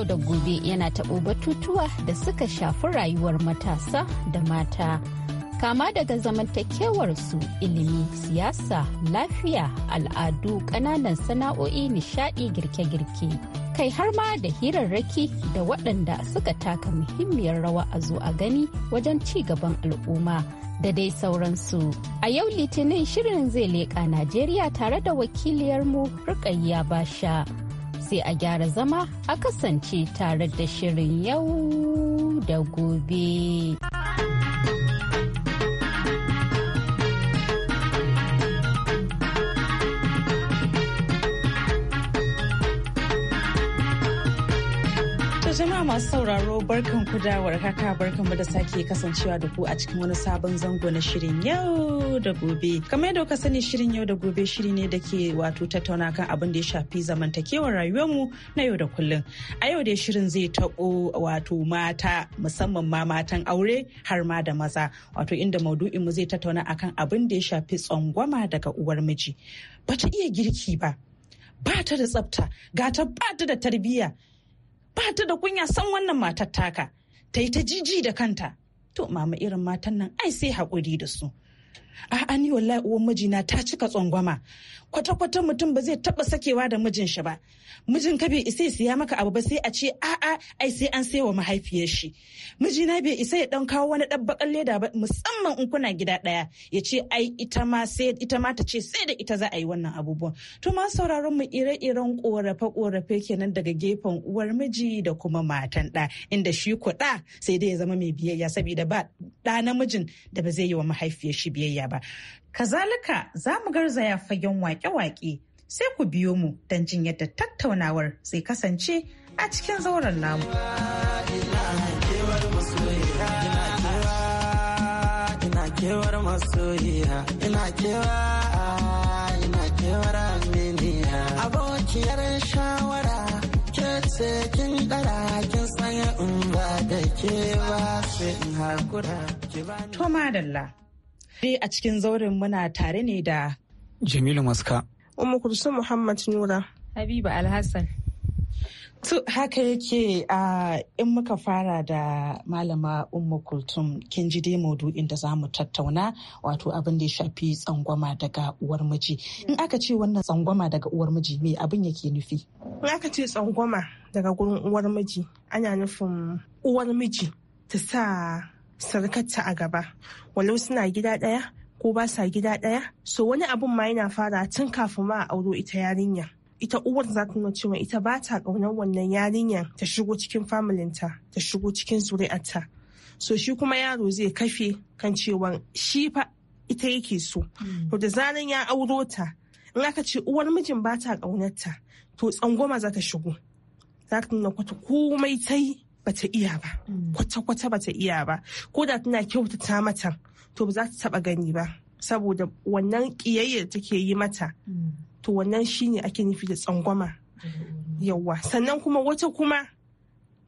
yau da gobe yana taɓo batutuwa da suka shafi rayuwar matasa da mata. Kama daga zamantakewarsu ilimi, siyasa, lafiya, al'adu, ƙananan sana'o'i, nishaɗi, girke-girke. Kai har ma da hirarraki da waɗanda suka taka muhimmiyar rawa a zo a gani wajen ci gaban al'umma. da dai sauransu. A yau Litinin shirin zai leƙa Najeriya tare da wakiliyarmu Rukayya Basha. sai a gyara zama a kasance tare da shirin yau da gobe. Jama'a masu sauraro barkan ku da barkan mu da sake kasancewa da ku a cikin wani sabon zango na shirin yau da gobe. Kamar yadda kuka sani shirin yau da gobe shiri ne da ke wato tattauna kan abin da ya shafi zamantakewar mu na yau da kullum. A yau dai shirin zai taɓo wato mata musamman ma matan aure har ma da maza. Wato inda maudu'in mu zai tattauna akan abin da ya shafi tsangwama daga uwar miji. Bata iya girki ba. Ba ta da tsafta, gata ba ta da tarbiyya, ba ta da kunya san wannan matar taka ta yi ta jiji da kanta to mama irin matan nan ai sai haƙuri da su a'a ni wallahi uwan mijina ta cika tsangwama kwata-kwata mutum ba zai taba sakewa da mijin shi ba mijin ka bai isa ya siya maka abu ba sai a ce a'a ai sai an sai wa mahaifiyar shi mijina bai isa ya ɗan kawo wani dan leda ba musamman in kuna gida ɗaya ya ce ai ita ma sai ita ma ta ce sai da ita za a yi wannan abubuwan to ma sauraron mu ire-iren korafe-korafe kenan daga gefen uwar miji da kuma matan da inda shi kuɗa sai dai ya zama mai biyayya saboda ba ɗa namijin da ba zai yi wa mahaifiyar shi biyayya ba Kazalika za mu garzaya fagen wake-wake sai ku biyo mu don jin yadda tattaunawar zai kasance a cikin zauren namu. Toma kewar da Dai a cikin zauren muna tare ne da Jamilu Maska. Umu Kursu Muhammad Nura. Habiba Alhassan. To haka yake a in muka fara da malama umma kultum kin ji dai maudu'in da za mu tattauna wato abin da ya shafi tsangwama daga uwar miji in aka ce wannan tsangwama daga uwar miji me abin yake nufi in aka ce tsangwama daga gurin uwar miji ana nufin uwar miji ta sa sarkarta a gaba walau suna gida ɗaya ko ba sa gida ɗaya so wani abun ma yana fara tun kafin ma a auro ita yarinya ita uwar za ta nuna cewa ita ba ta ƙaunar wannan yarinyar ta shigo cikin familinta ta shigo cikin zuri'arta so shi kuma yaro zai kafe kan cewa shi fa ita yake so hmm. to da zaran ya auro ta in aka ce uwar mijin ba ta ƙaunarta to tsangwama za ta shigo za ta nuna kwata komai ta yi bata iya ba mm. kwata-kwata bata iya ba ko da tana kyautata mata to ba za ta taba gani ba saboda wannan kiyayyar take yi mata mm. to wannan shine ake nufi da tsangwama mm. yawa sannan kuma wata kuma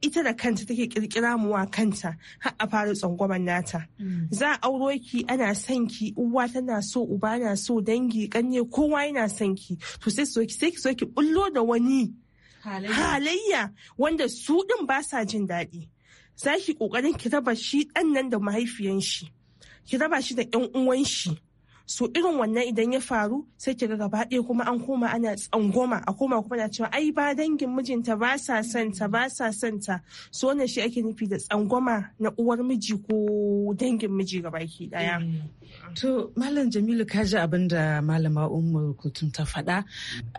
ita da kanta take kirkira muwa kanta har a fara tsangwaman nata za a auro ki ana son ki uwa tana so uba na so dangi kanye kowa yana son ki to sai ki sai ki so ki bullo da wani halayya wanda su din ba sa jin daɗi za ki ƙoƙarin ki raba shi ɗan nan da mahaifiyan shi ki raba shi da 'yan uwan shi so irin wannan idan ya faru sai kiga gaba ɗaya kuma an koma ana tsangoma a koma kuma na cewa ai ba dangin mijinta ba sa santa ta ba sa santa so wannan shi ake nufi da tsangoma na uwar miji ko dangin miji gaba ki daya eh. to malam jamilu ka ji abin da malama ummu kutun ta faɗa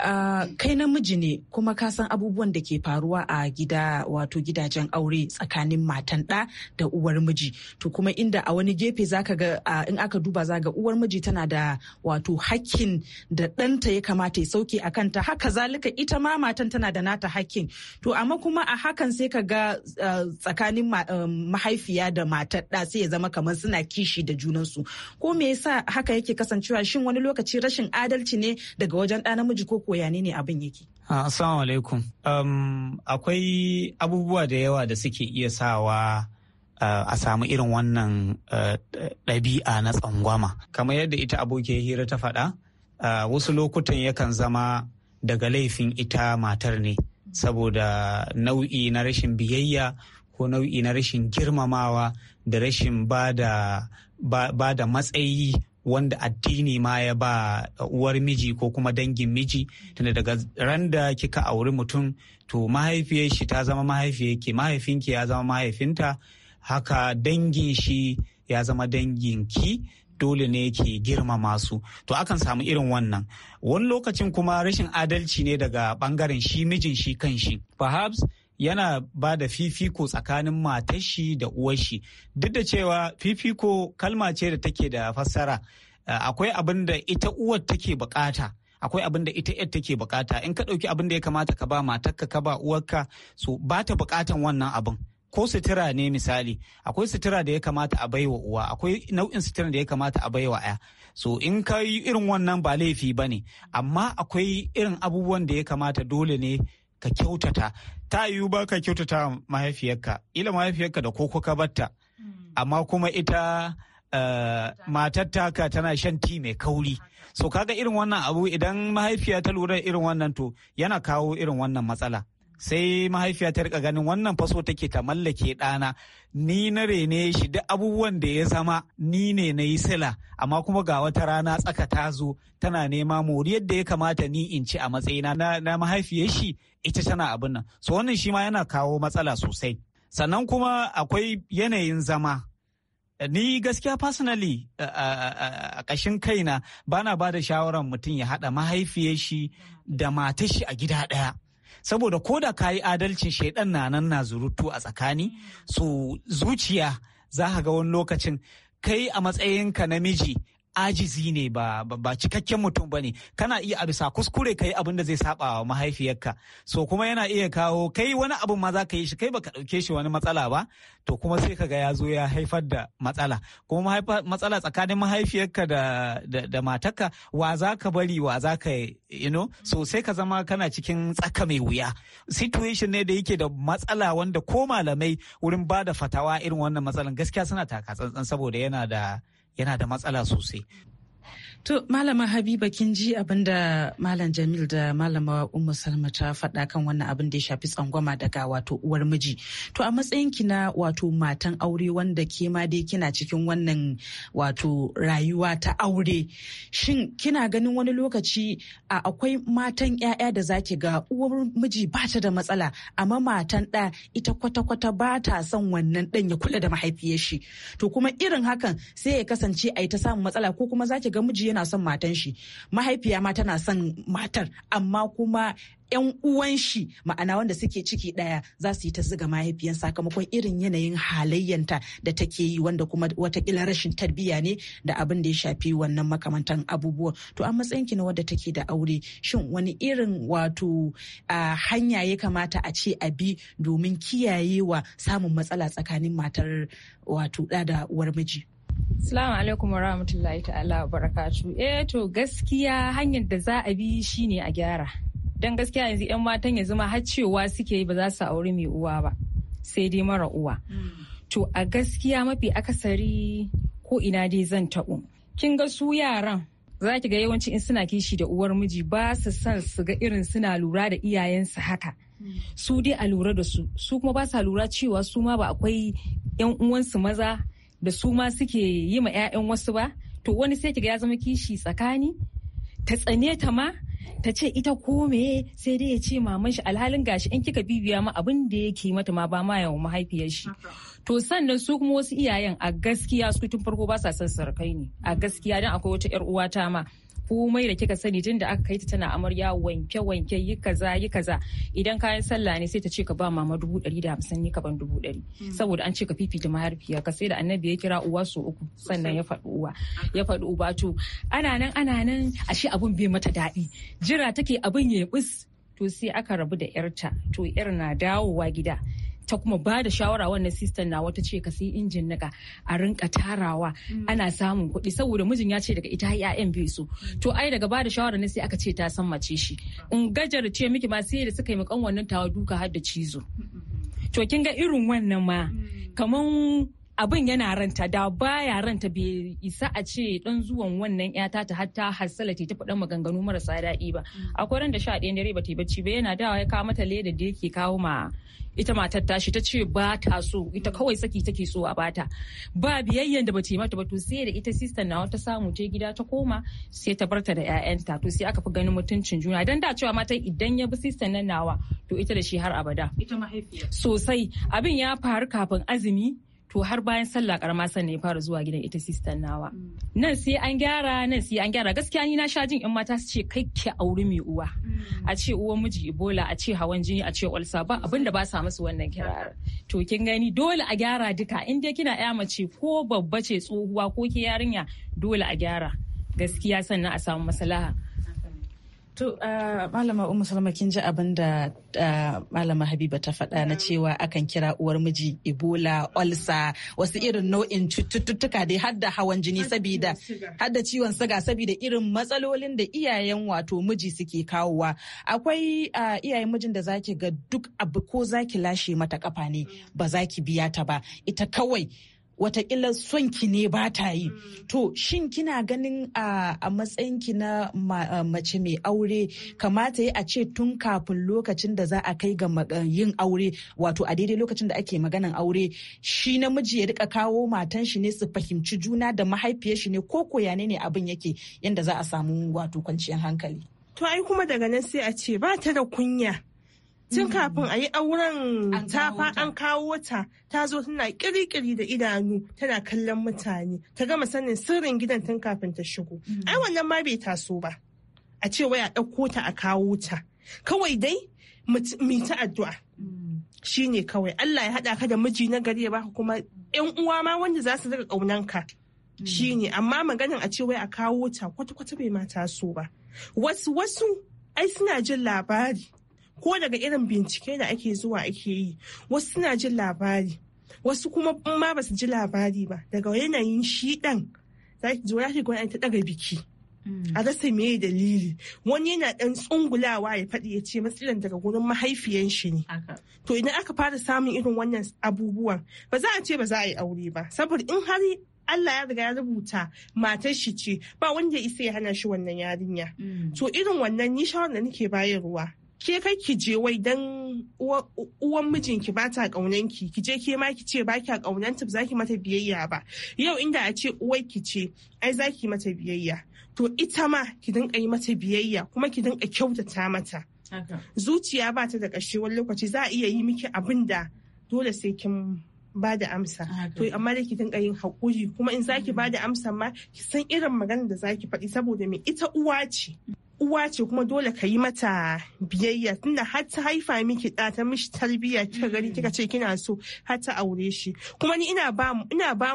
ah, kai na miji ne kuma ka san abubuwan da ke faruwa a gida wato gidajen aure tsakanin matan ɗa da uwar miji to kuma inda a wani gefe zaka ga ah, in aka duba za ga uwar miji tana tana da wato hakkin da ɗanta ya kamata ya sauke a kanta haka zalika ita ma matan tana da nata hakkin to amma kuma a hakan sai ka ga eh, tsakanin eh, mahaifiya da matar ɗa sai ya zama kamar suna kishi da junansu ko me yasa haka yake kasancewa shin wani lokaci rashin adalci ne daga wajen ɗa namiji ko koyane ne abin yake ah, Assalamu alaikum. Um, akwai abubuwa da yawa da suke iya sawa Eh, a samu irin wannan eh, ɗabi'a na tsangwama kamar yadda ita abokiyar hira ta faɗa eh, wasu lokutan yakan zama daga laifin ita matar ne saboda nau'i na rashin biyayya ko nau'i na rashin girmamawa da rashin ba da matsayi wanda addini ma ya ba uwar miji ko kuma dangin miji tunda daga randa kika auri mutum to mahaifiyar shi ta zama mahaifiyarki mahaifinki ya zama mahaifinta haka dangin shi ya zama dangin ki dole ne ke girmama su to akan samu irin wannan wani lokacin kuma rashin adalci ne daga bangaren shi mijin shi kan shi perhaps yana ba da fifiko tsakanin matar shi da uwar shi duk da cewa fifiko kalma ce da take da fassara eh, akwai abin da ita uwar take bukata akwai abin da ita yar take bukata in ka ɗauki abin da ya kamata ka ba matarka ka ba uwarka so ba ta bukatan wannan abin ko sutura ne misali akwai sutura da ya kamata a baiwa uwa akwai nau'in sutura da ya kamata a baiwa aya so in ka yi irin wannan ba laifi ba ne amma akwai irin abubuwan da ya kamata dole ne ka kyautata ta yiwu ba ka kyautata mahaifiyarka ila mahaifiyarka da koko ka batta hmm. amma kuma ita Uh, tana shan ti mai kauri so kaga irin wannan abu idan mahaifiya ta lura irin wannan to yana kawo irin wannan matsala sai mahaifiya ta rika ganin wannan faso take ta mallake ɗana ni na rene shi duk abubuwan da ya zama ni ne na yi sila amma kuma ga wata rana tsaka ta zo tana nema mori yadda ya kamata ni in ci a matsayina na mahaifiyar shi ita tana abin nan so wannan shi ma yana kawo matsala sosai sannan kuma akwai yanayin zama ni gaskiya personally a ƙashin kaina bana ba da shawarar mutum ya haɗa mahaifiyar shi da matar shi a gida ɗaya saboda ko da ka yi adalcin shaidan na nan na zurutu a tsakani su zuciya za ka ga wani lokacin kai a matsayinka namiji ajizi ne ba ba cikakken mutum ba ne kana iya a bisa kuskure kai abin da zai saba wa mahaifiyarka so kuma yana iya kawo kai wani abin ma za ka yi shi kai baka ɗauke shi wani matsala ba to kuma sai ka ga ya zo ya haifar da matsala kuma matsala tsakanin mahaifiyarka da da, matarka wa za ka bari wa za ka you know so sai ka zama kana cikin tsaka mai wuya situation ne da yake da matsala wanda ko malamai wurin ba da fatawa irin wannan matsalan gaskiya suna taka tsantsan saboda yana da yana da matsala sosai To Malama Habiba kin ji abin da Malam Jamil da Malama Ummu Salma ta faɗa kan wannan abin da ya shafi tsangwama daga wato uwar miji. To a matsayin ki na wato matan aure wanda ke ma dai kina cikin wannan wato rayuwa ta aure. Shin kina ganin wani lokaci a akwai matan 'ya'ya da zaki ga uwar miji ba ta da matsala amma matan ɗa ita kwata-kwata ba ta son wannan ɗan ya kula da mahaifiyar shi. To kuma irin hakan sai ya kasance a yi ta samun matsala ko kuma ki ga miji yana son matan shi mahaifiya ma tana son matar amma kuma yan uwan shi ma'ana wanda suke ciki daya za su yi ta ziga mahaifiyan sakamakon irin yanayin halayyanta da take yi wanda kuma wata watakila rashin tarbiyya ne da abin da ya shafi wannan makamantan abubuwa to a matsayin ki na wadda take da aure shin wani irin wato hanya ya kamata a ce a bi domin kiyayewa samun matsala tsakanin matar wato da da uwar miji Salamu alaikum wa rahmatullahi ta'ala wa barakatu. Eh to gaskiya hanyar da za a bi shine a gyara. Dan gaskiya yanzu 'yan matan ya zama har cewa suke yi ba za su auri mai uwa ba. Sai dai mara uwa. Hmm. To a gaskiya mafi akasari ko ina dai zan taɓo. Kin ga su yaran za ki ga yawanci in suna kishi da uwar miji ba su san su ga irin suna lura da iyayensu haka. Hmm. Su dai a lura da su, su kuma ba sa lura cewa su ma ba akwai 'yan uwansu maza da su ma suke yi ma 'ya'yan wasu ba to wani sai kiga ya zama kishi tsakani ta tsane ta ma ta ce ita kome sai dai ya ce maman shi alhalin gashi in kika bibiya ma abin da yake mata ma ba ma yawan mahaifiyar shi to sannan su kuma wasu iyayen a gaskiya su tun farko ba sa son sarkai ne a gaskiya dan akwai wata yar uwata ma komai da kika sani tun da aka kai ta tana amarya wanke wanke yi kaza yi kaza idan kayan sallah ne sai ta ce ka ba mama dubu ɗari da hamsin ni ka ban dubu ɗari hmm. saboda an ce ka fifita mahaifiya ka sai da annabi ya kira uwa so uku sannan ya faɗi uwa ya faɗi uba to ana nan ana nan ashe abun bai mata daɗi jira take abun ya bis to sai aka rabu da yarta to yar na dawowa gida ta kuma ba da shawara wannan sistan na wata ce ka sai injin nika a rinka tarawa mm. ana samun kuɗi saboda mijin ya ce daga ita yan bai so. Mm. to ai daga ba da shawara ne sai aka ce ta san mace shi in gajar ce miki ma sai da suka yi mukan wannan tawa duka har da cizo to kin ga irin wannan ma mm. kaman abin yana ranta da baya ranta bai isa a ce dan zuwan wannan yata ta hatta hassala ta faɗan maganganu marasa daɗi ba mm. akwai ran da sha ɗaya dare bata bacci ba yana dawa ya kawo mata leda da yake kawo ma ita matar tashi ta ce ba ta so ita kawai saki take so a bata ba biyayyen da ba yi mata ba to sai da ita sister na ta samu ta gida ta koma sai ta barta da ƴaƴanta to sai aka fi ganin mutuncin juna dan da cewa mata idan ya bi sister nan nawa to ita da shi har abada ita mahaifiya sosai abin ya faru kafin azumi to har bayan sallah karama sannan ya fara zuwa gidan ita sistan nawa mm. nan sai an gyara nan sai an gyara gaskiya ni na sha jin in mata su ce kai ki auri mai uwa mm. a ce uwan miji ibola a ce hawan jini a ce ulsa ba abin da ba sa musu wannan kirar to kin gani dole a gyara duka in dai kina ya mace ko babba ce tsohuwa ko ke yarinya dole a gyara gaskiya sannan a samu maslaha To, uh, Malama Umu Salama kin ji abin da uh, Malama Habiba ta faɗa na cewa akan kira uwar miji Ebola, olsa, wasu irin nau'in cututtuka dai har da hawan jini sabida har da ciwon siga sabida irin matsalolin da iyayen wato miji suke kawowa. Akwai uh, iyayen mijin da zaki ga duk abu ko zaki lashe mata kafa ne ba zaki biya ta ba ita kawai watakila son ki ne ba ta yi mm. to shin kina ganin a matsayin ki na mace mai aure kamata yi a ce tun kafin lokacin da za a kai ga yin aure wato a daidai lokacin da ake maganan aure shi namiji ya rika kawo matan shi ne su fahimci juna da mahaifiyar shi ne ko koyane ne abin yake yadda za a samu wato kwanciyar hankali to ai kuma daga nan sai a ce ba ta da kunya tun mm. kafin a yi auren ta fa an kawo ta ta zo tana kirikiri da idanu tana kallon mutane ta gama sanin sirrin gidan tun kafin ta shigo mm. ai wannan ma bai taso ba a ce waya ɗauko ta a kawo ta kawai dai mu ta addu'a mm. shine kawai Allah ya haɗa ka da miji na gari ya baka kuma yan uwa ma wanda za su kaunan ka shine amma maganin a ce wai a kawo ta kwata-kwata bai ma taso ba wasu wasu ai suna jin labari ko daga irin bincike da ake zuwa ake yi wasu suna jin labari wasu kuma in ma su ji labari ba daga yanayin shi ɗan za ki gwani ta daga biki a mm. rasa me dalili wani yana ɗan tsungulawa ya faɗi ya ce matsalan daga gurin mahaifiyan shi ne to idan aka fara samun irin wannan abubuwan ba za a ce ba za a yi aure ba saboda in har Allah ya riga ya rubuta matar shi ce ba wanda ya isa ya hana shi wannan yarinya. Mm. To irin wannan ni da nake bayarwa ke kai ki je wai dan uwan mijinki ba ta kaunanki ki je ke ma ki ce ba kya kaunanta ba zaki mata biyayya ba yau inda a ce uwai ki ce ai zaki mata biyayya to ita ma ki dinka yi mata biyayya kuma ki dinka kyautata mata zuciya ba ta da ƙarshe wani lokaci za a iya yi miki abin da dole sai kin ba da amsa to amma da ki dinka yin hakuri kuma in zaki mm. ba da amsa ma ki san irin magana da zaki faɗi saboda me ita uwa ce uwa ce kuma dole ka yi mata biyayya tunda har ta haifa miki da ta mishi tarbiyya kika gani kika ce kina so har ta aure shi kuma ni ina ba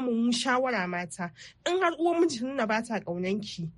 mu shawara mata in har uwan miji nuna ba ta kaunanki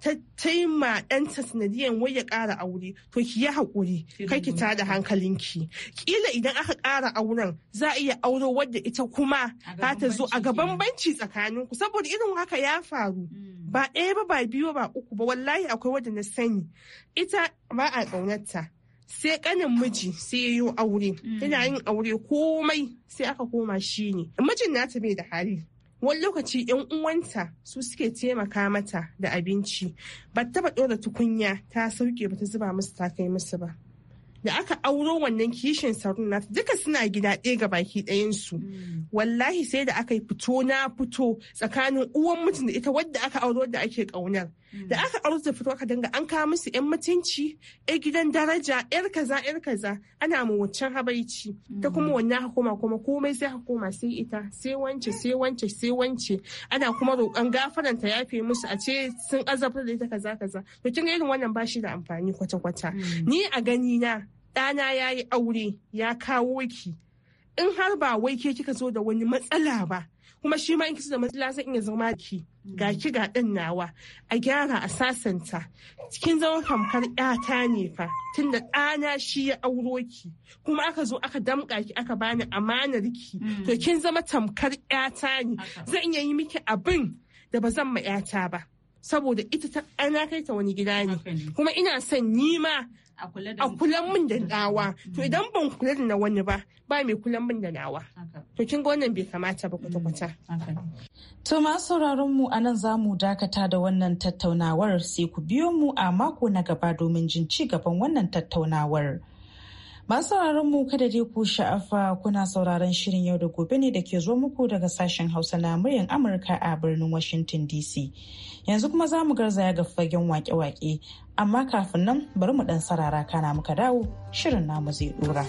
ta taima ɗanta sanadiyan wai ya ƙara aure to ki yi hakuri kai ki tada hankalinki kila idan aka ƙara auren za a iya auro wadda ita kuma za ta zo a gaban banci tsakaninku saboda irin haka ya faru mm. ba ɗaya ba ba biyu ba uku ba wallahi akwai wadda na sani ita ba a ƙaunarta sai kanin miji sai ya aure yana mm. yin aure komai sai aka koma shi ne mijin nata bai da hali wani lokaci yan uwanta su suke taimaka mata da abinci ba taba ɗora tukunya ta sauke ba ta zuba musu ta kai musu ba da aka auro wannan kishin saruna duka suna gida ɗaya ga baki ɗayansu mm. wallahi sai da aka yi fito na fito tsakanin uwan mutum da ita wadda aka auro da ake ƙaunar mm. da aka auro da fito aka danga an kawo musu yan mutunci yan gidan daraja yar kaza yar kaza ana mu waccan habaici ta mm. kuma wannan hukuma kuma komai sai hukuma sai ita sai wance sai wance sai wance ana kuma roƙon gafaran ta yafe musu a ce sun azabtar da ita kaza kaza to kin irin wannan shi da amfani kwata kwata ni a gani na ɗana ya yi aure ya kawo ki in har ba wai ke kika zo da wani matsala ba kuma shi ma in kisa da matsala zan iya zama ki ga ki ga ɗan nawa a gyara a sasanta cikin zama tamkar ƴata ne fa tunda ɗana shi ya auro ki kuma aka zo aka damƙa ki aka bani amanar ki mm. to kin zama tamkar ƴata ne zan iya yi miki abin da ba zan ma ƴata ba saboda ita ta ana kai ta wani gida ne kuma ina son ni ma a kulan min da mm. nawa to mm. idan ban kula da na wani ba ba mai kulan min da nawa to kin ga wannan bai kamata ba kwata mm. kwata to ma sauraron mu anan zamu dakata da wannan tattaunawar sai ku biyo mu a mako na gaba domin jin ci gaban wannan tattaunawar Masu mu kada dai ku sha'afa kuna sauraron shirin yau da gobe ne da ke zo muku daga sashen Hausa na muryar Amurka a birnin Washington DC. Yanzu kuma za mu garzaya ga fagen wake-wake, amma kafin nan bari mu ɗan sarara kana muka dawo shirin namu zai ɗora.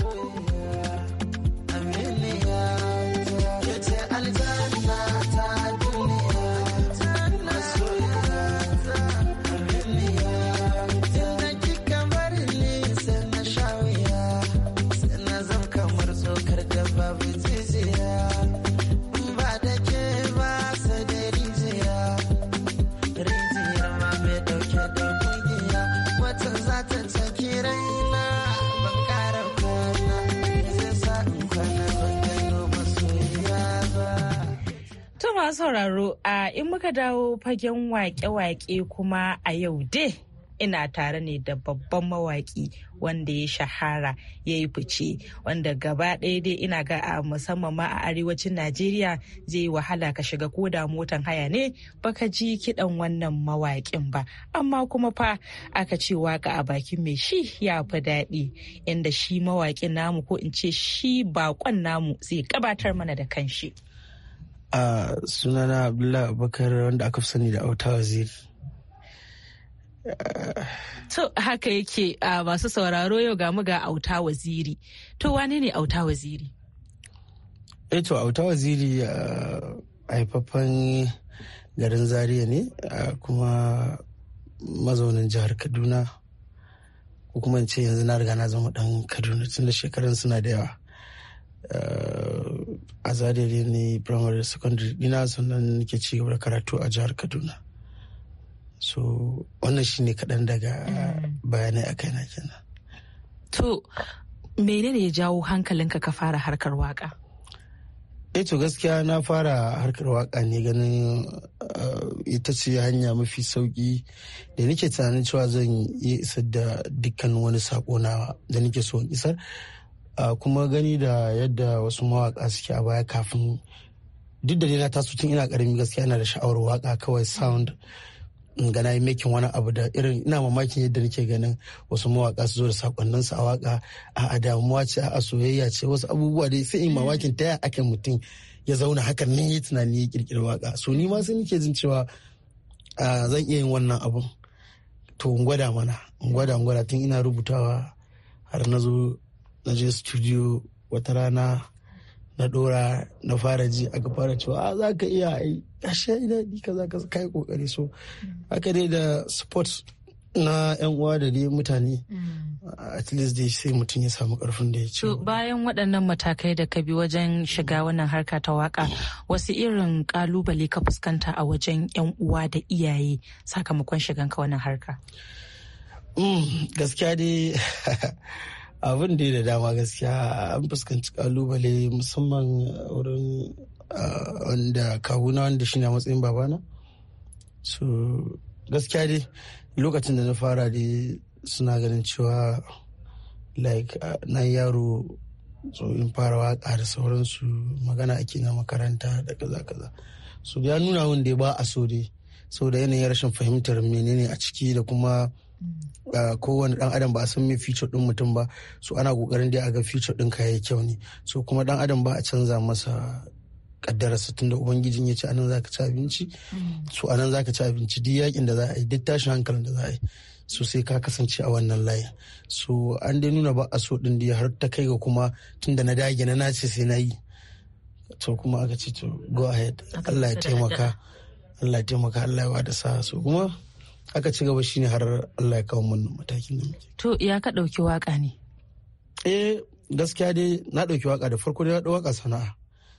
sauraro a in muka dawo fagen wake-wake kuma a yau dai ina tare ne da babban mawaki wanda ya shahara ya yi fice wanda gaba ɗaya dai ina ga a musamman ma a arewacin najeriya zai yi wahala ka shiga ko da motan haya ne baka ji kiɗan wannan mawaƙin ba amma kuma fa aka ce waka a bakin mai shi ya fi daɗi inda shi mawaƙin namu ko in ce shi baƙon namu zai gabatar mana da kanshi. a sunana abdullahi abubakar wanda aka fi sani da auta waziri to haka yake a masu sauraro yau ga muga ga auta waziri to wane ne auta waziri eh to auta waziri haifafan garin zaria ne kuma mazaunin jihar kaduna ko kuma in ce yanzu na riga na zama dan kaduna tun da shekarun suna da yawa a zadere ne primary secondary dina sannan nake ci gaba da karatu a jihar kaduna so wannan shi ne kaɗan daga bayanai a kaina kenan to menene ya jawo hankalinka ka fara harkar waka eh to gaskiya na fara harkar waka ne ganin eh, ita ce hanya mafi sauki da nake tunanin cewa zan yi isar da dukkan wani sako na da nake so isar kuma gani da yadda wasu mawaƙa suke a baya kafin duk da dina taso tun ina karami gaskiya ina da sha'awar waka kawai sound ga na yi makin wani abu da irin ina mamakin yadda nake ganin wasu mawaka su zo da sakonnin su a waka a damuwa ce a soyayya ce wasu abubuwa dai sai in mamakin ta aka mutum ya zauna hakan nan yi tunani ya kirkiri waka so ni ma sai nake jin cewa zan iya yin wannan abun to in gwada mana in gwada in gwada tun ina rubutawa har na zo na je studio wata rana na dora na fara ji aka fara cewa a ah, za ka iya yi ashe ina ni ka za ka kai kokari so haka dai da support na yan uwa da dai mutane mm. at least dai sai mutum ya samu karfin da ya ci. bayan waɗannan matakai da ka bi wajen shiga wannan harka ta waka wasu irin kalubale ka fuskanta a wajen yan uwa da iyaye sakamakon shiganka wannan harka. Mm, gaskiya dai abin da da dama gaskiya an fuskanci kalubale musamman wurin wanda kawuna wanda shi na matsayin babana so gaskiya dai lokacin da na fara dai suna ganin cewa like na yaro tsohon fara waka da sauransu magana ake na makaranta da kaza kaza so ya nuna wanda ba a so dai saboda yanayin rashin fahimtar menene a ciki da kuma kowane dan adam ba a san me feature din mutum ba so ana kokarin dai a ga feature din ka kyau ne so kuma dan adam ba a canza masa kaddararsa tunda ubangijin ya ce anan zaka ci abinci so anan zaka ci abinci duk yakin da za a yi duk tashin hankalin da za a yi so sai ka kasance a wannan layin so an dai nuna ba a so din da har ta kai ga kuma tunda na dage na nace sai na yi to kuma aka ce to go ahead Allah ya taimaka Allah ya taimaka Allah ya wada sa so kuma aka ci gaba shine har Allah ya kawo mun matakin nan. to ya ka dauki waka ne eh gaskiya dai na dauki waka da farko dai na dauki waka sana'a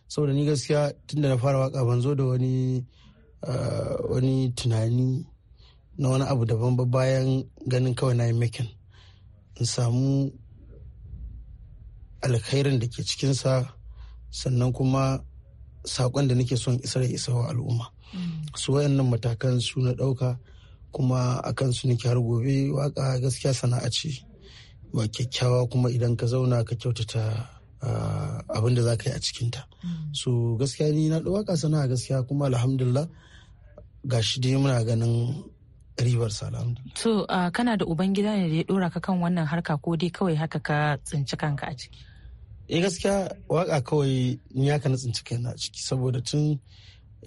saboda ni gaskiya tunda na fara waka ban zo da wani ah, wani tunani na wani abu daban ba bayan ganin kawai na yi makin in samu alkhairin da ke cikinsa sannan kuma sakon da nake son isar isa wa al'umma mm. su wayannan matakan su na ɗauka kuma a kansu nake har gobe waka gaskiya sana'a ce ba kyakkyawa kuma idan ka zauna ka kyautata ah, abin da za ka yi a cikinta mm. so gaskiya ni na waka sana'a gaskiya kuma alhamdulillah shi dai muna ganin ribar salam. To kana da ubangida ne da ya ɗora ka kan wannan harka ko dai kawai haka ka tsinci kanka a ciki? Eh gaskiya waka kawai ni haka na tsinci kaina a ciki saboda tun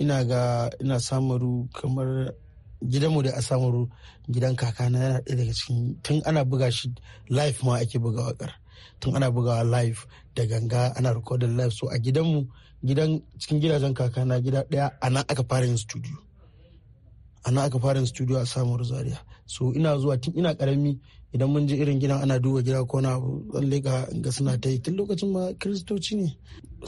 ina ga ina samaru kamar gidanmu da asamuru gidan kakana yana ɗaya daga cikin tun ana buga shi live ma ake buga wakar tun ana bugawa live da ganga ana rikodin live so a gidanmu gidan cikin gidajen kakana gida ɗaya a nan aka fara yin studio a nan aka fara yin studio a samuwar zaria so ina zuwa tun ina karami idan mun ji irin gidan ana duba gida ko na tsalle ga suna ta yi tun lokacin ma kiristoci ne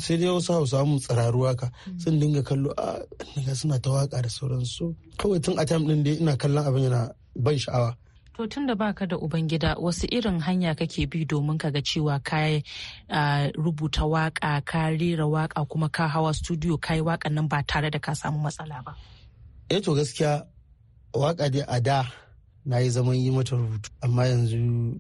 sai dai wasu hausa samu tsiraru haka sun dinga kallo a ah, ga suna ta waka da sauransu kawai tun a tam din dai ina kallon abin yana ban sha'awa to tun da baka da ubangida wasu irin hanya kake bi domin ka ga cewa ka rubuta waka ka rera waka kuma ka hawa studio ka yi wakan nan ba tare da ka samu matsala ba eh to gaskiya waka dai a da na yi zaman yi mata rubutu amma yanzu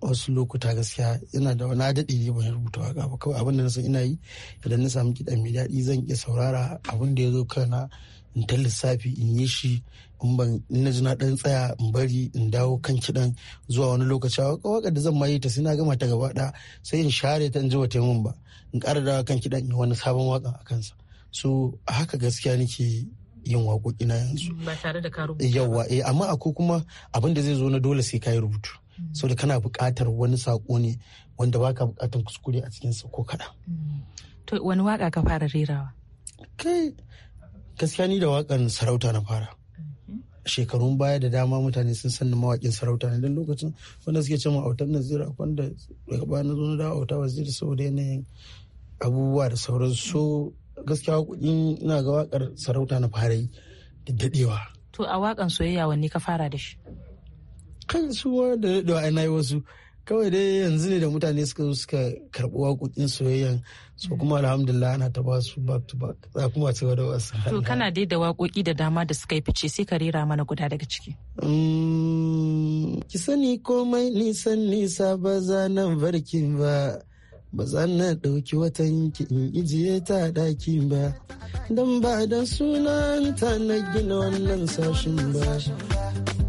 wasu lokuta gaskiya yana da wani daɗi ne ban rubuta waka ba kawai abin da na san ina yi idan na samu kiɗan mai daɗi zan iya saurara abin da ya zo kana in ta lissafi in yi shi in ban na ji na ɗan tsaya in bari in dawo kan kiɗan zuwa wani lokaci a waka da zan mai ta sai na gama ta gaba ɗaya sai in share ta in ji wata mun ba in ƙara dawo kan kiɗan in wani sabon waka a kansa so haka gaskiya nake yin waƙoƙi na yanzu ba tare da ka rubuta Yawwa, eh amma akwai kuma abin da zai zo na dole sai ka yi rubutu mm. Sau da kana buƙatar wani saƙo ne wanda baka buƙatar kuskure a cikin sa ko kaɗan mm. to wani waƙa ka fara rerawa kai gaskiya ni da waƙar sarauta na fara mm-hmm. shekarun baya da dama mutane sun san ni mawakin sarauta ne don lokacin wanda suke cewa autar nazira wanda daga baya na zo na dawo auta waziri saboda yanayin abubuwa da sauran so gaskiya waƙoƙin ina ga wakar sarauta na fara yi da daɗewa. To a waƙan soyayya wanne ka fara da shi? Kan suwa da daɗewa na yi wasu. kawai dai yanzu ne da mutane suka zo suka karɓi waƙoƙin soyayya su mm. kuma alhamdulillah ana ta ba su back to back za kuma ci da wasu to kana dai da waƙoƙi da dama da suka yi fice sai ka rera mana guda daga ciki mm, ki sani komai nisan nisa ba za nan barkin ba ba za na ɗauki watan ki in ijiye ta ɗaki ba don ba da sunan ta na gina wannan sashin ba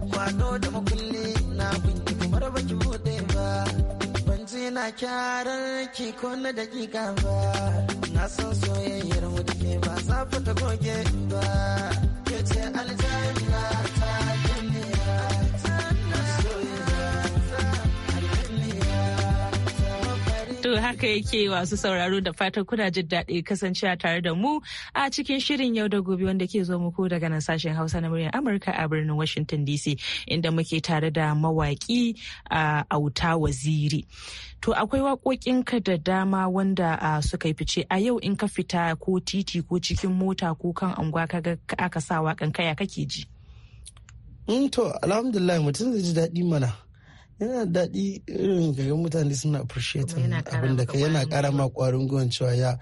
kwado da makulli na binki kamar baki bude ba ban ji na kyarar ki ko na dakika ba na san soyayyar mu ba za ta goge ba ke ce aljanna ta To haka yake wasu sauraro da fatan kuna jin daɗi kasancewa tare da mu a cikin shirin yau da gobe wanda ke zo muku daga nan sashen Hausa na muryar Amurka a birnin Washington DC inda muke tare da mawaƙi a auta waziri. To akwai ka da dama wanda suka yi fice a yau in ka fita ko titi ko cikin mota ko kan unguwa kaga aka sa waƙan kaya kake ji. Mm, to alhamdulillah mutum zai ji daɗi mana. yana daɗi irin gaga mutane suna appreciating abin da ka yana ƙara ma ƙwarin gwiwan cewa ya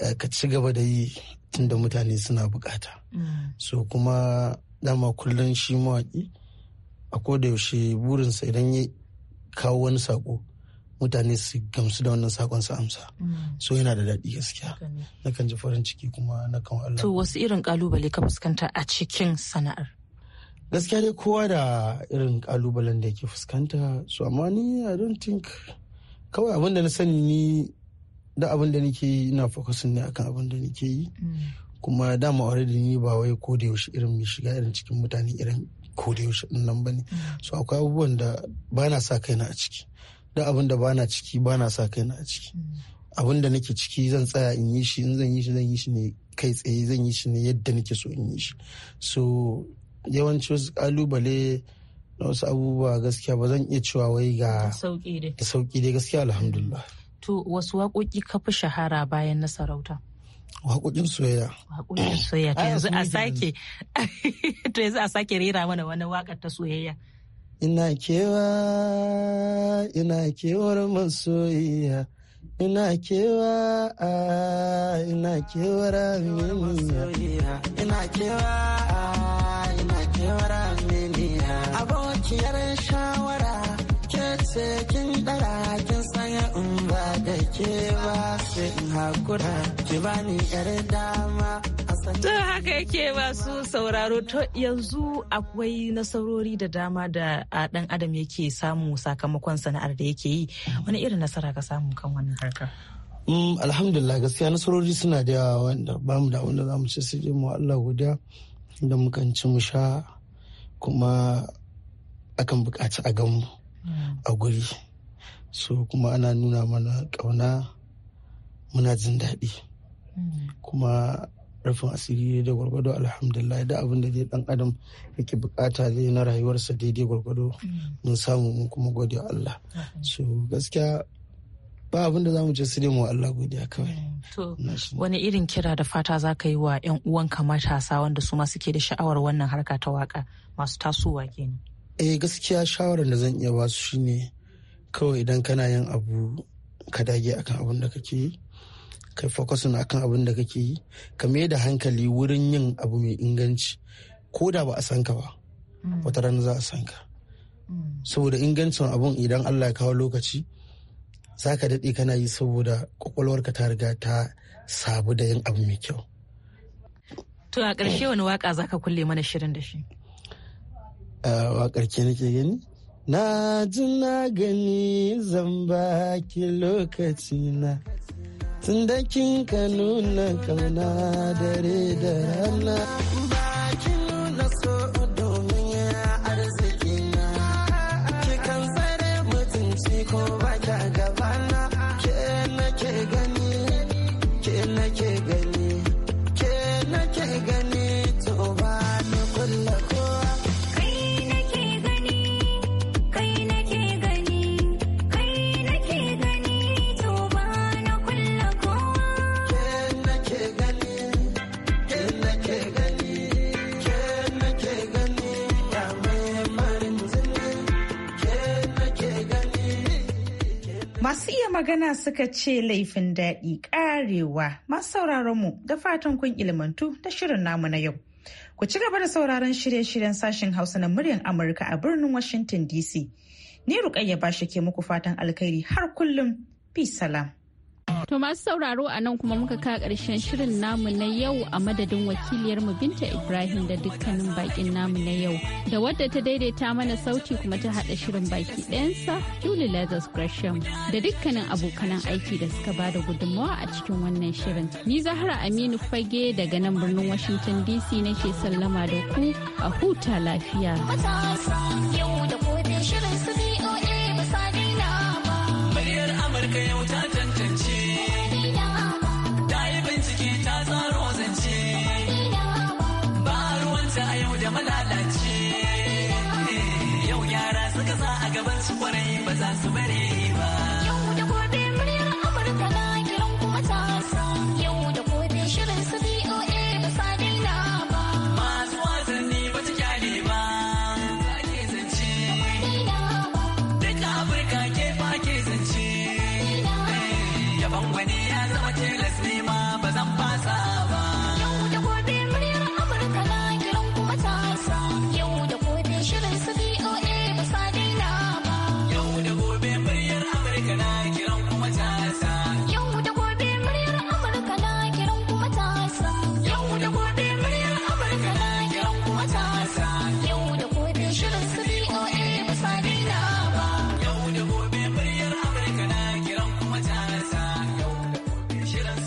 eh, ka ci gaba da yi tun da mutane suna buƙata mm. so kuma dama kullum shi mawaƙi a koda yaushe burinsa idan ya kawo wani sako mutane su gamsu da wannan sakon su amsa mm. so yana da daɗi gaskiya na kan ji farin ciki kuma na Allah to wasu irin kalubale ka fuskanta a cikin sana'ar gaskiya dai kowa da irin kalubalen da yake fuskanta su amma ni i don't think kawai abinda na sani ni da abinda nake yi ina focusin ne akan abinda nake yi mm. kuma dama aure da ni ba wai ko da yaushe irin mai shiga irin cikin mutane irin ko da yaushe din nan bane mm. so akwai abubuwan da ba na sa kaina a ciki da abin da na ciki ba na sa kaina a ciki mm. abin da nake ciki zan tsaya in yi shi in zan yi shi zan yi shi ne kai tsaye zan yi shi ne yadda nake so in yi shi so yawanci wasu kalubale na wasu abubuwa gaskiya ba zan iya cewa wai ga da sauki dai gaskiya alhamdulillah to wasu waƙoƙi ka fi shahara bayan na sarauta waƙoƙin soyayya waƙoƙin soyayya to yanzu a sake to yanzu a sake rera mana wani waƙar ta soyayya ina kewa ina kewar masoyiya ina kewa ina kewar aminiya ina kewa abokiyar shawara ke ce kin dara kin sanya in ba da ke ba sai in hakura ki bani yar dama To haka yake masu sauraro to yanzu akwai nasarori da dama da dan adam yake samu sakamakon sana'ar da yake yi wani irin nasara ka samu kan wannan harkar mm, alhamdulillah gaskiya nasarori suna da yawa wanda ba mu da wanda za mu ce sai mu Allah guda da mukan ci mu sha kuma akan bukaci a ganmu a guri so kuma ana nuna mana kauna muna jin daɗi kuma rufin asiri da gwargwado alhamdulillah da abin da dai dan adam yake bukata zai na rayuwarsa daidai gwargwado mun samu mun kuma gode wa Allah so gaskiya ba abin da za mu je su mu Allah godiya kawai mm, wani irin kira da fata za ka yi wa yan uwanka matasa wanda su ma suke da sha'awar wannan harka ta waka masu tasowa kenan eh gaskiya shawarar da zan iya ba basu shine kawai idan kana yin abu ka dage akan abin da kake yi kai na akan abin da kake yi ka mai da hankali wurin yin abu mai inganci ko da ba a san ka ba mm. wata rana za a san ka mm. saboda ingancin abun idan Allah ya kawo lokaci za ka daɗe kana yi saboda kwakwalwarka ta riga ta sabu da yin abu mai kyau. To a ƙarshe wani waka za ka kulle mana shirin da shi? wakar ke nake gani na ji na gani zan baki lokaci na tun da kin ka nuna kauna dare da rana Masu iya magana suka ce laifin daɗi ƙarewa masu sauraron mu da fatan kun ilimantu da shirin namu na yau. Ku ci gaba da sauraron shirye-shiryen sashen Hausa na muryar Amurka a birnin Washington DC. Ni ba shi ke muku fatan alkhairi har kullum. Peace salam. To masu sauraro a nan kuma muka kawo ƙarshen shirin namu na yau a madadin wakiliyarmu Binta Ibrahim da dukkanin bakin namu na yau. Da wadda ta daidaita mana sauti kuma ta haɗa shirin baki ɗayansa Julie Lazarus Gresham da dukkanin abokanan aiki da suka bada gudunmawa a cikin wannan shirin. Ni Zahra Aminu Fage daga nan birnin Washington DC nake sallama da ku a huta lafiya. I'm so ready.